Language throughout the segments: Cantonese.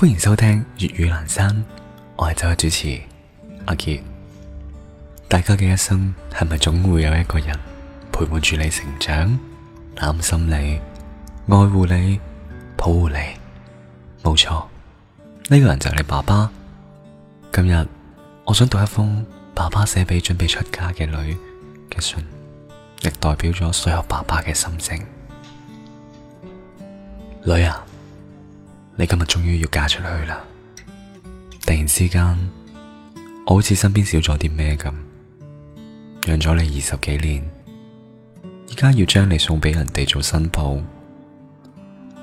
歡迎收聽粵語闌珊，我係周一主持阿傑。大家嘅一生係咪總會有一個人陪伴住你成長，擔心你、愛護你、保護你？冇錯，呢個人就係你爸爸。今日我想讀一封爸爸寫俾準備出嫁嘅女嘅信，亦代表咗所有爸爸嘅心情。女啊！你今日終於要嫁出去啦！突然之間，我好似身邊少咗啲咩咁，養咗你二十幾年，而家要將你送俾人哋做新抱，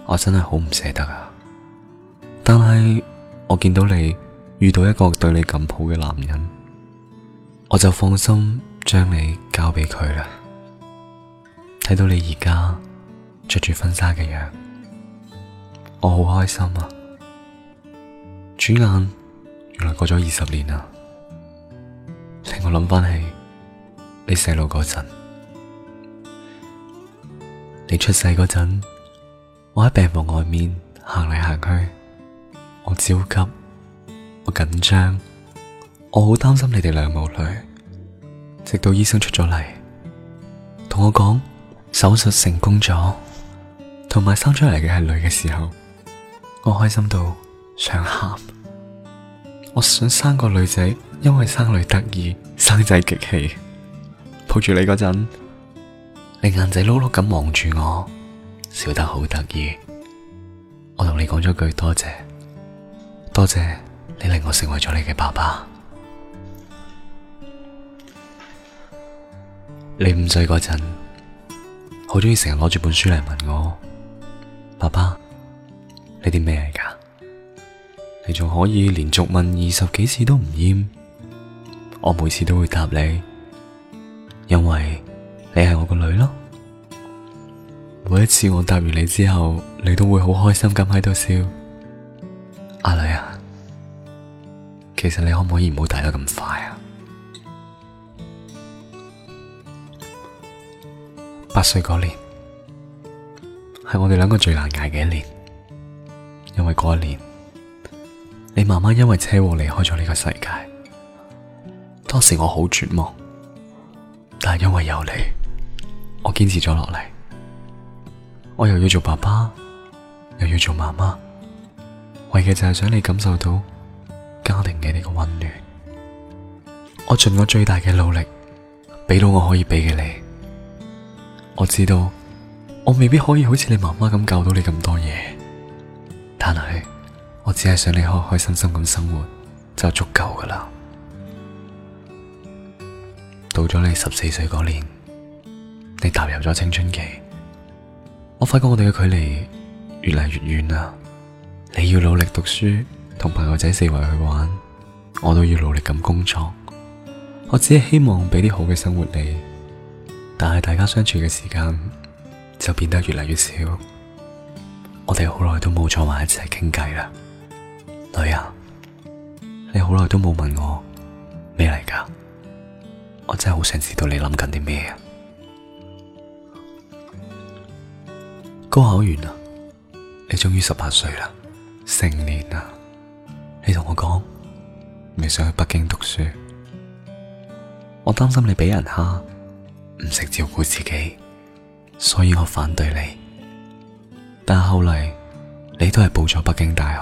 我真係好唔捨得啊！但係我見到你遇到一個對你咁好嘅男人，我就放心將你交俾佢啦。睇到你而家着住婚紗嘅樣，我好開心啊！轉眼原來過咗二十年啦，令我諗翻起你細路嗰陣。你出世嗰陣，我喺病房外面行嚟行去，我焦急，我緊張，我好擔心你哋兩母女，直到醫生出咗嚟，同我講手術成功咗，同埋生出嚟嘅係女嘅時候。我開心到想喊，我想生個女仔，因為生女得意，生仔激氣。抱住你嗰陣，你眼仔碌碌咁望住我，笑得好得意。我同你講咗句多謝，多謝你令我成為咗你嘅爸爸。你五歲嗰陣，好鍾意成日攞住本書嚟問我，爸爸。你啲咩嚟噶？你仲可以連續問二十幾次都唔厭，我每次都會答你，因為你係我個女咯。每一次我答完你之後，你都會好開心咁喺度笑。阿女啊，其實你可唔可以唔好大得咁快啊？八歲嗰年，係我哋兩個最難挨嘅一年。因為嗰一年，你媽媽因為車禍離開咗呢個世界，當時我好絕望，但係因為有你，我堅持咗落嚟。我又要做爸爸，又要做媽媽，為嘅就係想你感受到家庭嘅呢個温暖。我盡我最大嘅努力，俾到我可以俾嘅你。我知道我未必可以好似你媽媽咁教到你咁多嘢。但係，我只係想你開開心心咁生活就足夠噶啦。到咗你十四歲嗰年，你踏入咗青春期，我發覺我哋嘅距離越嚟越遠啦。你要努力讀書，同朋友仔四圍去玩，我都要努力咁工作。我只係希望俾啲好嘅生活你，但係大家相處嘅時間就變得越嚟越少。我哋好耐都冇坐埋一齊傾偈啦，女啊，你好耐都冇問我咩嚟噶，我真係好想知道你諗緊啲咩啊！高考完啦，你終於十八歲啦，成年啦，你同我講，你想去北京讀書，我擔心你俾人蝦，唔識照顧自己，所以我反對你。但後嚟你都係報咗北京大學，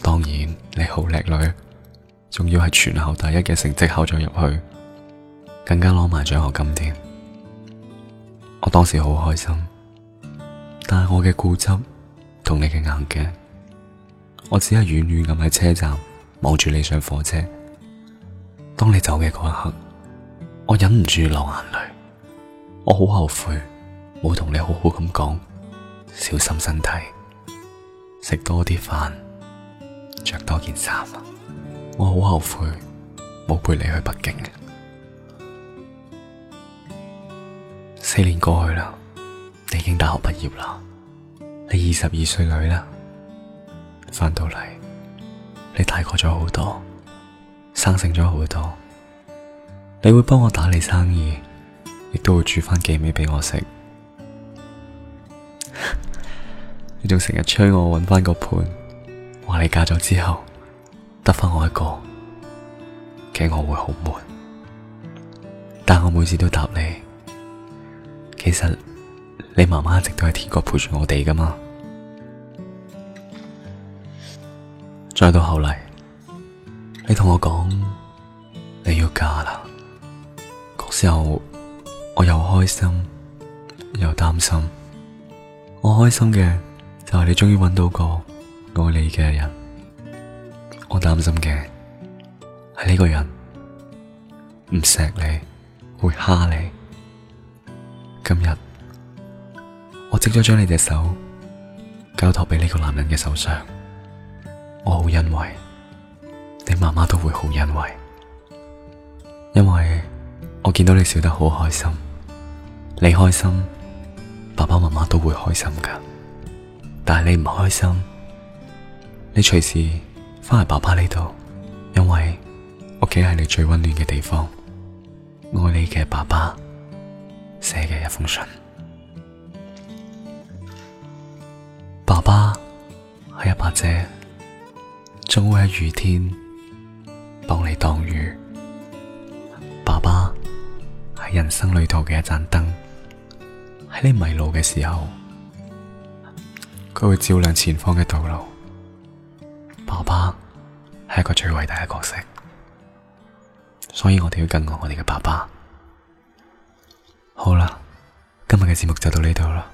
當然你好叻女，仲要係全校第一嘅成績考咗入去，更加攞埋獎學金添。我當時好開心，但係我嘅固執同你嘅硬頸，我只係遠遠咁喺車站望住你上火車。當你走嘅嗰一刻，我忍唔住流眼淚，我好後悔冇同你好好咁講。小心身體，食多啲飯，着多件衫啊！我好後悔冇陪你去北京嘅。四年過去啦，你已經大學畢業啦，你二十二歲女啦，翻到嚟你大個咗好多，生性咗好多，你會幫我打理生意，亦都會煮翻幾味俾我食。你仲成日催我搵翻個伴，話你嫁咗之後得翻我一個，驚我會好悶。但我每次都答你，其實你媽媽一直都係天國陪住我哋噶嘛。再到後嚟，你同我講你要嫁啦，嗰時候我又開心又擔心。我開心嘅，就係你終於揾到個愛你嘅人，我擔心嘅係呢個人唔錫你，會蝦你。今日我即將你隻手交託俾呢個男人嘅手上，我好欣慰，你媽媽都會好欣慰，因為我見到你笑得好開心，你開心，爸爸媽媽都會開心噶。但係你唔開心，你隨時翻去爸爸呢度，因為屋企係你最溫暖嘅地方。愛你嘅爸爸寫嘅一封信。爸爸係一把遮，總會喺雨天幫你擋雨。爸爸係人生旅途嘅一盞燈，喺你迷路嘅時候。佢會照亮前方嘅道路，爸爸係一個最偉大嘅角色，所以我哋要更愛我哋嘅爸爸。好啦，今日嘅節目就到呢度啦。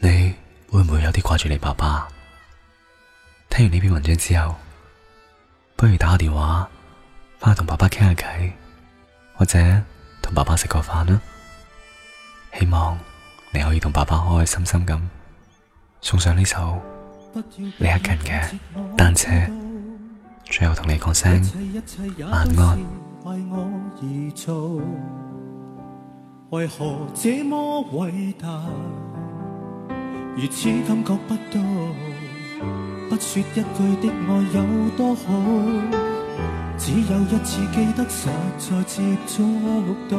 你會唔會有啲掛住你爸爸？聽完呢篇文章之後，不如打個電話翻去同爸爸傾下偈，或者同爸爸食個飯啦。希望你可以同爸爸開開心心咁。送上呢首李克勤嘅《單車》，最後同你講聲晚安。為我而做，為何這麼偉大？如此感覺不到，不說一句的愛有多好。只有一次記得實在接觸到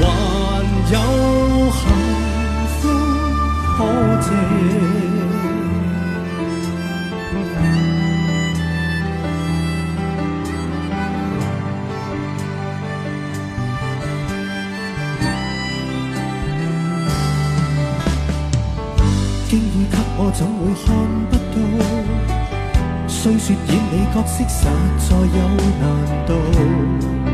還有幸福可借，天意給我怎會看不到？雖說演你角色實在有難度。